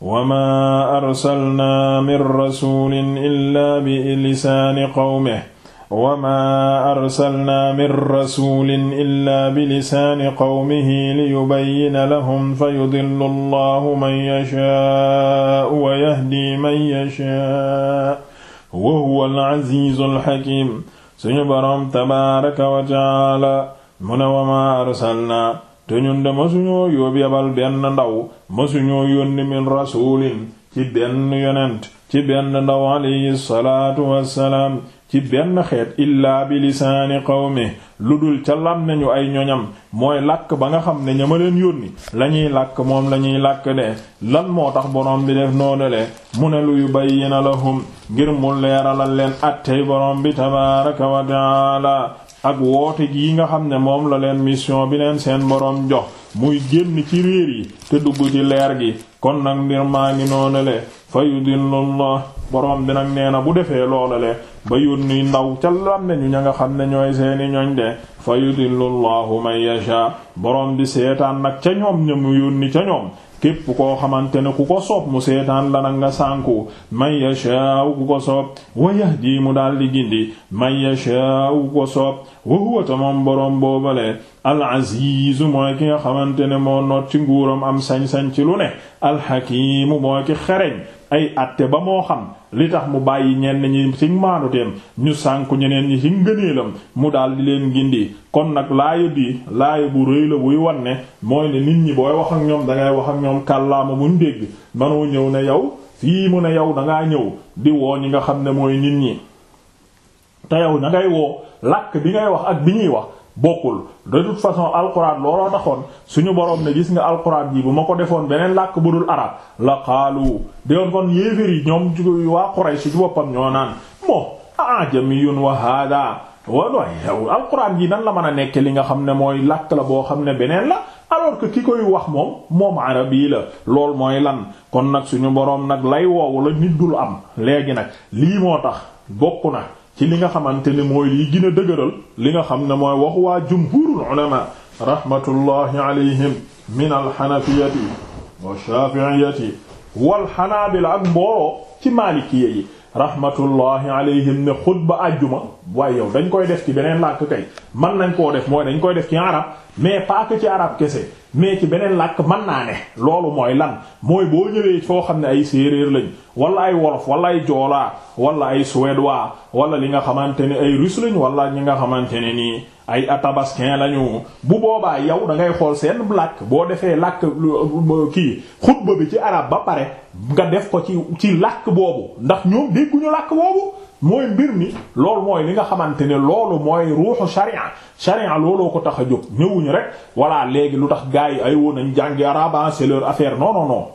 wama arsalna min rasulin illa bi lisaani qawmihi wama arsalna min rasulin illa bi lisaani qawmihi liyubayyina lahum fayudillu allahu man yashaa'u wa yahdi man yashaa'u wa huwa al-aziizu al-hakiim suñu boroom tabaaraka wa ta'aala mu ne wama arsalna te ñun de masuñoo yóob yabal benn ndaw masuñoo yónni min rasulin ci benn yonent ci benn ndaw alayhi salaatu wassalaam ci benn xeet illaa bi lisaani qawmi lu dul ca lam nañu ay ñoñam mooy làkk ba nga xam ne ña ma leen yónni lañuy ñuy làkk moom la ñuy làkk de lan moo tax borom bi def noonale mu ne luyu bayyina lahum ngir mu leeralal leen attey borom bi tabaaraka wa taala ak woote gi nga xam ne moom la leen mission bi leen seen boroom jox muy génn ci réer yi te dugg ci leer gi kon nag mbir maa ngi noonu le fa yu yudillullah boroom bi nag nee na bu defee loola le ba yónni ndaw ca lam ne ñu ña nga xam ne ñooy seeni ñoñ de fa yudillullahu man yasha boroom bi seetaan nag ca ñoom ñamu yónni ca ñoom képp koo xamante ne ku ko soob mu seetaan la nag nga sànku man yashaa'u ku ko soob wa yahdi mu daldi di gindi man yashaa'u ku ko soob wa huwa tamam boroom boobale al-aziz mooy ki nga xamante ne moo noot ci nguuram am sañ-sañ ci lu ne al-hakiim ki xereñ ay atte ba moo xam li tax mu bàyyi ñenn ñi ci maanuteem ñu sànku ñeneen ñi ci ngëneelam mu daal di leen gindi kon nag laaya bi laaya bu rëy la buy wan ne mooy ne nit ñi booy wax ak ñoom dangay wax ak ñoom kàllaama buñ dégg manoo ñëw ne yow fii mu ne yow dangaa ñëw di woo ñi nga xam ne mooy nit ñi te yow na ngay woo làkk bi ngay wax ak bi ñuy wax bokkul de toute façon alquran looloo taxoon suñu borom ne gis nga alquran ji bu ma ko defoon beneen làkk bu dul arab la xaalu dégoon kon yéefér yi ñoom waa Quraysh ci boppam ñoo naan moo ajamiyun wa hada waawwaay yow alquran ji nan la mën a nekk li nga xam ne mooy làkk la boo xam ne beneen la alors que ki koy wax moom moom arab yi la lool mooy lan kon nag suñu boroom nag lay woowu la nit dul am léegi nag lii moo tax bokk na ci li nga xamante ni mooy li gën a dëgëral li nga xam ne mooy waxu waa jumhurul ulama rahmatullahi alayhim min alxanafiyati wa shafiiyati wal xanaabila ak mbooloo ci maalikiya yi rahmatullahi alayhim ne xutba àjjuma waaye yow dañ koy def ci beneen làkk kay mën nañ koo def mooy dañ koy def ci arab mais pas que ci arab kese mais ci beneen làkk man naa ne loolu mooy lan mooy boo ñëwee foo xam ne ay séeréer lañ wala ay wolof wala ay joola wala ay suédois wala li nga xamante ne ay russe walla wala ñi nga xamante ne nii ay atabaskin lañu bu boobaa yow da ngay xool seen làkk boo defee làkk kii xutba bi ci arab ba pare nga def ko ci ci làkk boobu ndax ñoom dégguñu làkk boobu mooy mbir mi loolu mooy li nga xamante ne loolu mooy ruuxu sharia sharia looloo ko tax a jóg ñëwuñu rek voilà léegi lu tax gars yi ay woon nañ jàngi arabe ah, c'est leur affaire non non non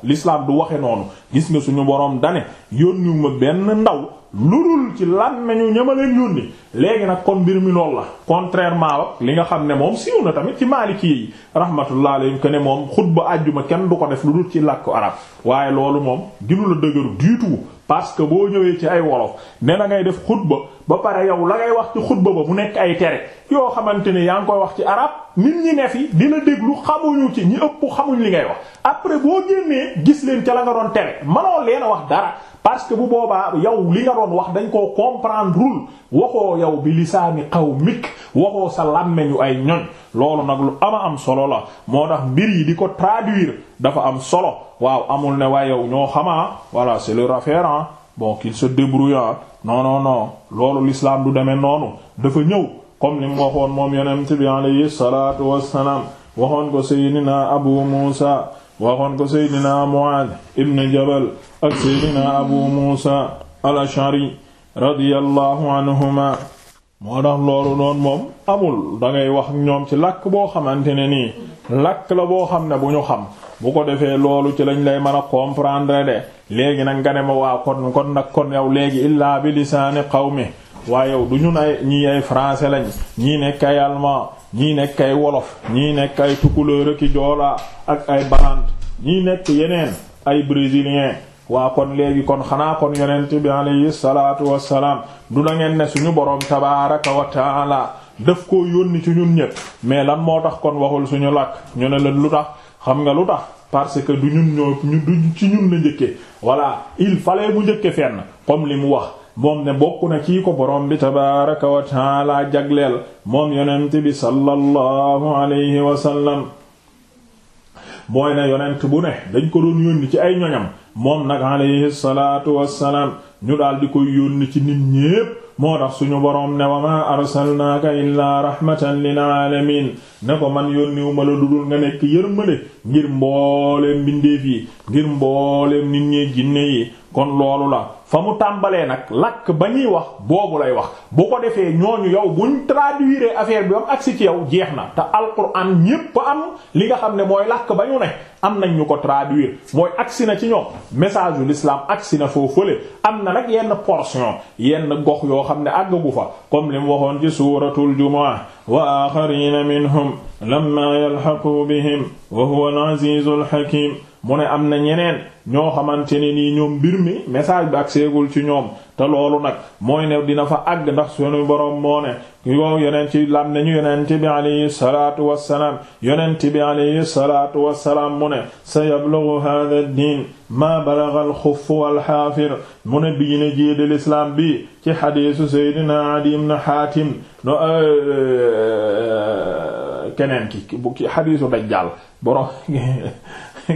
du waxe noonu gis nga suñu borom dane yónniwu ma benn ndaw ludul ci lan nañu ñama leen yónni léegi nag kon mbir mi lool la contrairement ak li nga xam ne moom siiw na tamit ci maaliki yi rahmatullah alayhim que ne moom xutba àjjuma kenn du ko def lu dul ci làkku arab waaye loolu moom ginu la dëgëru du tout parce que boo ñëwee ci ay wolof ne na ngay def xutba ba pare yow la ngay wax ci xutba ba mu nekk ay tere yoo xamante ne yaa ngi koy wax ci arab nit ñi ne fi dina la déglu xamuñu ci ñi ëpp xamuñ li ngay wax après boo génnee gis leen ca la nga doon tere mënoo leen wax dara parce que bu boobaa yow li nga doon wax dañ koo comprendrewul waxoo yow bi lisaani qawmik waxoo sa làmmeñu ay ñoñ loolu nag lu ama am solo la moo tax mbir yi di ko traduire dafa am solo waaw amul ne waaye yow ñoo xamaa voilà c'est le bon qu'il se débrouille non non loolu l'islam du demee noonu dafa ñëw comme ni mu waxoon moom yonent bi alayhi salaatu wassalaam waxoon ko seydina abu muusa waxoon ko seydina muaad ibn jabal ak seydina abu muusa al ashari radiyallahu anhuma moo tax loolu noonu moom amul da ngay wax ñoom ci làkk boo xamante ne nii làkk la boo xam ne bu ñu xam bu ko defee loolu ci lañ lay mën a comprendre de léegi nag nga ne ma waa kon kon nag kon yow léegi illaa bi lisaani qawmi waaye yow du ñu nay ñii ay français lañ ñii nekk ay allemand ñii nekk ay wolof ñii nekk ay tukulóor ki joolaa ak ay barant ñii nekk yeneen ay brésilien waa kon léegi kon xanaa kon yonent bi alayhi salaatu wassalaam du na ngeen ne suñu boroom tabaaraka wa def daf koo yónni ci ñun ñépp mais lan moo tax kon waxul suñu làkk ñu ne leen lu tax xam nga lu tax parce que du ñun ñoo ñu ci ñun la njëkkee voilà il fallait mu njëkke fenn comme li mu wax moom ne bokku na ci ko boroom bi tabaaraka wa taala jagleel moom yonent bi sallallahu alayhi wa sallam mooy ne yonent bu ne dañ ko doon yónni ci ay ñoñam moom nag alayhi salaatu wassalaam ñu daal di ci nit ñépp moo tax suñu boroom ne wa maa arsalnaaka illaa rahmatan lil aalamiin ne ko man yónniwu ma la dudul nga nekk yërmande ngir mbooleem mbindeef yi ngir mbooleem nit ñi jinne yi kon loolu la fa mu tàmbalee nag lakk ba ñuy wax boobu lay wax bu ko defee ñooñu yow buñ traduire affaire bi am agsi ci yow jeex na te alquran ñépp am li nga xam ne mooy lakk ba ñu ne am nañ ñu ko traduire mooy agsi na ci ñoom message yu l'islam agsi na foo fële am na nag yenn portion yenn gox yoo xam ne àgg gu fa comme li mu waxoon ci suuratul wa axarina minhum lamma yalxaqu bihim wa huwa al-aziizu al-hakiim mu am na ñeneen ñoo xamante ne ñoom mbir mi message bi ak seegul ci ñoom te loolu nag mooy ne dina fa àgg ndax suñu borom moo ne yoo yonent ci lam nañu yonent bi alayhi salaatu wassalaam yonent bi alayhi salaatu wassalaam mu sa yablughu hadha ad-din maa balagha al-xuff wal-xaafir mu ne bii ne jiidi lislaam bi ci xadiisu Seydina Adi ibn Xaatim no euh, euh, keneen ki xadiisu Dajjaal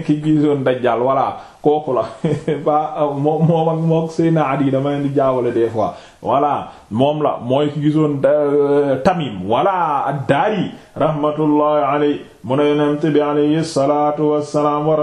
ki gisoon dajjal voilà kooku la ba moo moom ak mook seyna at yi dama leen di jaawale des fois voilà moom la mooy ki gisoon euh, tamim voilà ad-dari rahmatullahi aley mu ne yonent bi alayhi salatu wassalaam wa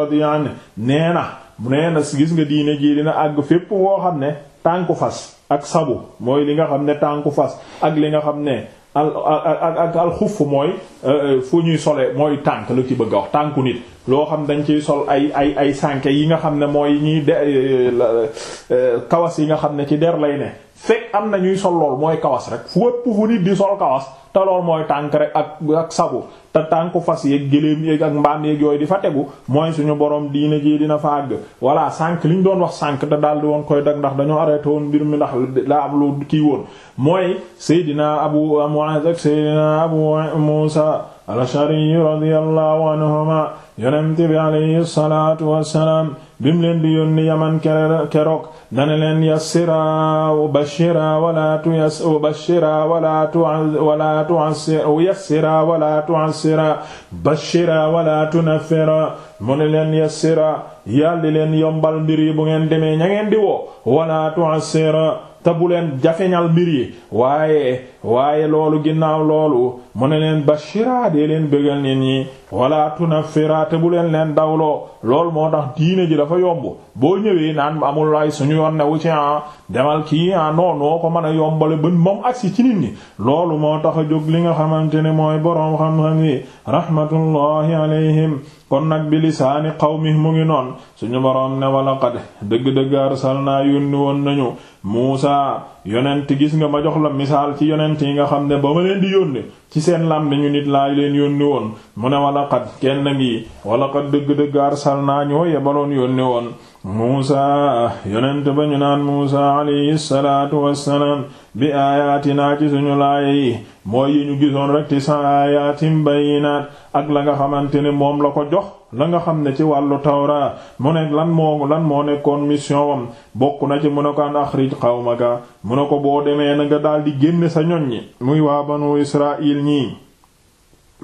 xam ne tànku fas ak sabu mooy li nga xam ne tànku fas ak li nga xam ne al ak ak al xuff mooy euh, euh, fu ñuy solee mooy tànk lu ci bëgg a wax tànku nit loo xam dañ ciy sol ay ay ay sànke yi nga xam ne mooy ñuy de euh, kawas yi nga xam ne ci der lay ne fekk am na ñuy sol lool mooy kawas rek fu ëpp fu nit di sol kawas tolool mooy tànk rek ak sabu sagu te tànku fas yeeg gëléem yeeg ak mbaam yeeg yooyu di fa tegu mooy suñu borom diine jii dina fa àgg voilà sànq liñ doon wax sànq te daal di woon koy dag ndax dañoo arrêté woon mbir mi ndax la am lu kii woon mooy Seydina Abu Muaz ak Seydina Abu Musa al-Ash'ari radiyallahu anhuma yonent wassalaam bim leen di yónni yaman keroog dana leen yassira wa bashira wala tuyas wa bashira wala tu wala tu'assir yassira bashira wala tunaffira mu ne leen yassira yàlla yombal mbir yi bu ngeen demee ña ngeen di woo wala tu'assira te bu leen jafeñal mbir yi waaye waaye loolu ginnaaw loolu mu ne leen bashiraa dee leen bëggal nit ñi wala tunaffiraate bu leen leen dawloo lool moo tax diine ji dafa yomb boo ñëwee naan amul ay suñu yoon newu ci ah demal kii ah non noo ko mën a yombale ba moom agsi ci nit ñi loolu moo tax a jóg li nga xamante ne mooy boroom xam-xam yi rahmatullahi alayhim kon nag bi lisaani qawmi mu ngi noon suñu boroom ne walaqad dëgg-dëgg naa yónni woon nañu Muusaa yonent gis nga ma jox la misaal ci yonent yi nga xam ne ba ma leen di yónne ci seen làmmiñ ñu nit laa leen yónni woon mu ne wala xat kenn ngi wala xat dëgg-dëgg arsalnaa ñoo yebaloon yónni woon muusa yonent ba ñu naan muusa alayhi salaatu wassalaam bi aayaatinaa ci suñu laaye yi mooy yi ñu gisoon rek ci sa aayaatim bayinaat ak la nga xamante ne moom la ko jox la nga xam ne ci wàllu tawra mu ne lan moo lan moo nekkoon mission wam bokk na ci mu ne ko an axrij qawmaka mu ne ko boo demee na nga daal di génne sa ñoñ ñi muy waa banu israil ñii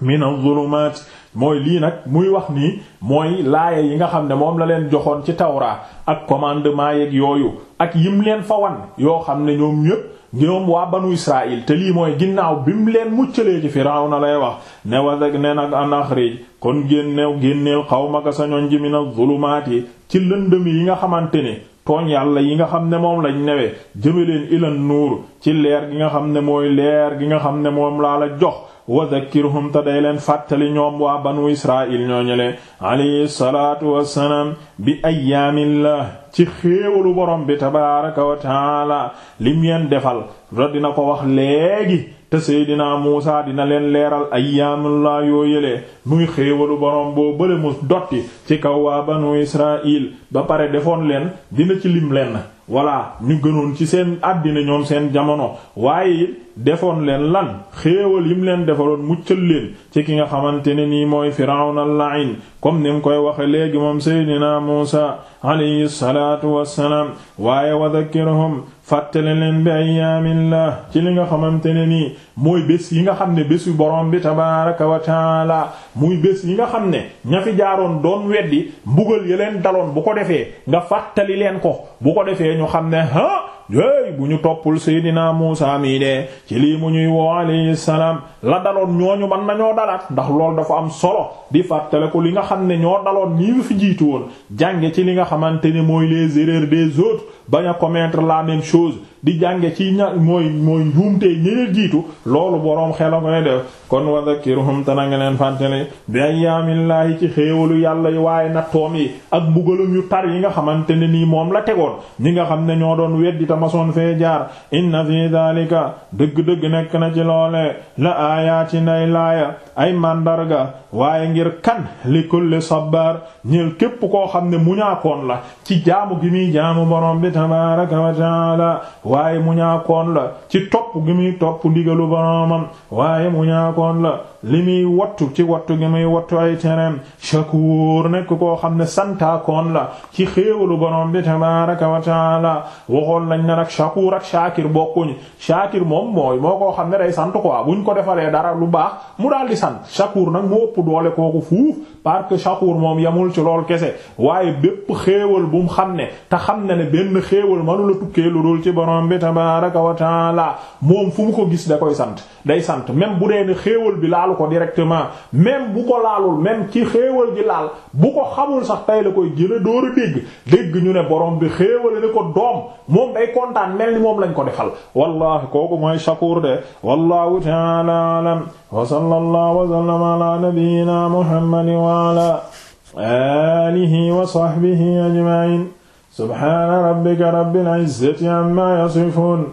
mina zulumaat mooy lii nag muy wax nii mooy laaya yi nga xam ne moom la leen joxoon ci tawraa ak commandement yeeg yooyu ak yim leen fa wan yoo xam ne ñoom ñépp ñoom waa banu israil te lii mooy ginnaaw bi mu leen muccalee ci na lay wax ne wasak ne nag anaxrij kon génneew génneel xawmaka sa ñoñ ji mina zulumaati ci lëndëm yi nga xamante ni tooñ yàlla yi nga xam ne moom lañ newee jëmaleen ilan nuur ci leer gi nga xam ne mooy leer gi nga xam ne moom laa la jox wa dhakkirhum te day leen fàttali ñoom waa banu israil ñooñule alayhi salaatu wassalaam bi ayyaamillah ci xéewalu borom bi tabaaraka wa taala lim yeen defal da dina ko wax léegi te seydina Muusa dina leen leeral ayyaamullah yoo yëlee muy xéewalu borom boo bële mu dotti ci kaw waa banu israil ba pare defoon leen dina ci lim leen voilà ñu gënoon ci seen àddina ñoom seen jamono waaye defoon leen lan xéewal yim leen defaloon muccal leen ci ki nga xamante ne nii mooy firawna al-la'in comme ni mu koy waxe léegi moom seydina Muusa alayhi salaatu wassalaam waaye wa dhakkirhum fàttale leen bi ayaamillah ci li nga xamante ne nii mooy bés yi nga xam ne bésu borom bi tabaaraka wa taala muy bés yi nga xam ne ña fi jaaroon doon weddi mbugal ya leen daloon bu ko defee nga fàttali leen ko bu ko defee ñu xam ne ha hey bu ñu toppul Seydina Muusaa mii de ci lii mu ñuy woo alayhi salaam la daloon ñoo ñu mën nañoo dalaat ndax loolu dafa am solo di fàttale ko li nga xam ne ñoo daloon ñii lu fi jiitu woon jànge ci li nga xamante ne mooy les erreurs des autres bañ a commettre la même chose di jànge ci ña mooy mooy njuumtee ñeneen jiitu loolu boroom xela ko ne def kon wa zakirhum tana nga leen fàntene bi ayyaamillaahi ci xéewalu yàlla yi waaye nattoom yi ak mbugalum ñu tar yi nga xamante ne nii moom la tegoon ñi nga xam ne ñoo doon weddi tamasoon fee jaar inna fi daalika dëgg-dëgg nekk na ci loole la aayaatin ay laaya ay màndarga waaye ngir kan li kulli sabbar ñeel képp koo xam ne muñaakoon la ci jaamu gi muy jaamu borom bi tabaaraka waaye mu ñaakoon la ci topp gi muy topp ndigalu boromam waaye mu ñaakoon la li muy wattu ci wattu gi muy wattu ay tereem shakuur nekk koo xam ne santaakoon la ci xéewalu borom bi tabaaraka wa taala waxoon lañ ne nag shakuur ak shaakir bokkuñ shaakir moom mooy moo koo xam ne day sant ko bu buñ ko defalee dara lu baax mu daal di sant shakuur nag moo ëpp doole kooku fuuf parce que shakuur moom yamul ci lool kese waaye bépp xéewal bu mu xam ne te xam ne ne benn xéewal mënu la tukkee lu dul ci borom bi tabaaraka wa taala moom fu mu ko gis da koy sant laalu ko directement même bu ko laalul même ci xéewal ji laal bu ko xamul sax tay la koy jële door a dégg dégg ñu ne borom bi xéewale ni ko doom moom day kontaan mel ni moom lañ ko defal wallahi kooku mooy shakur de wallahu ta'ala alam wa sallallahu wa sallama ala nabiyyina muhammadin wa ala alihi wa sahbihi ajma'in subhana rabbika rabbil izzati amma yasifun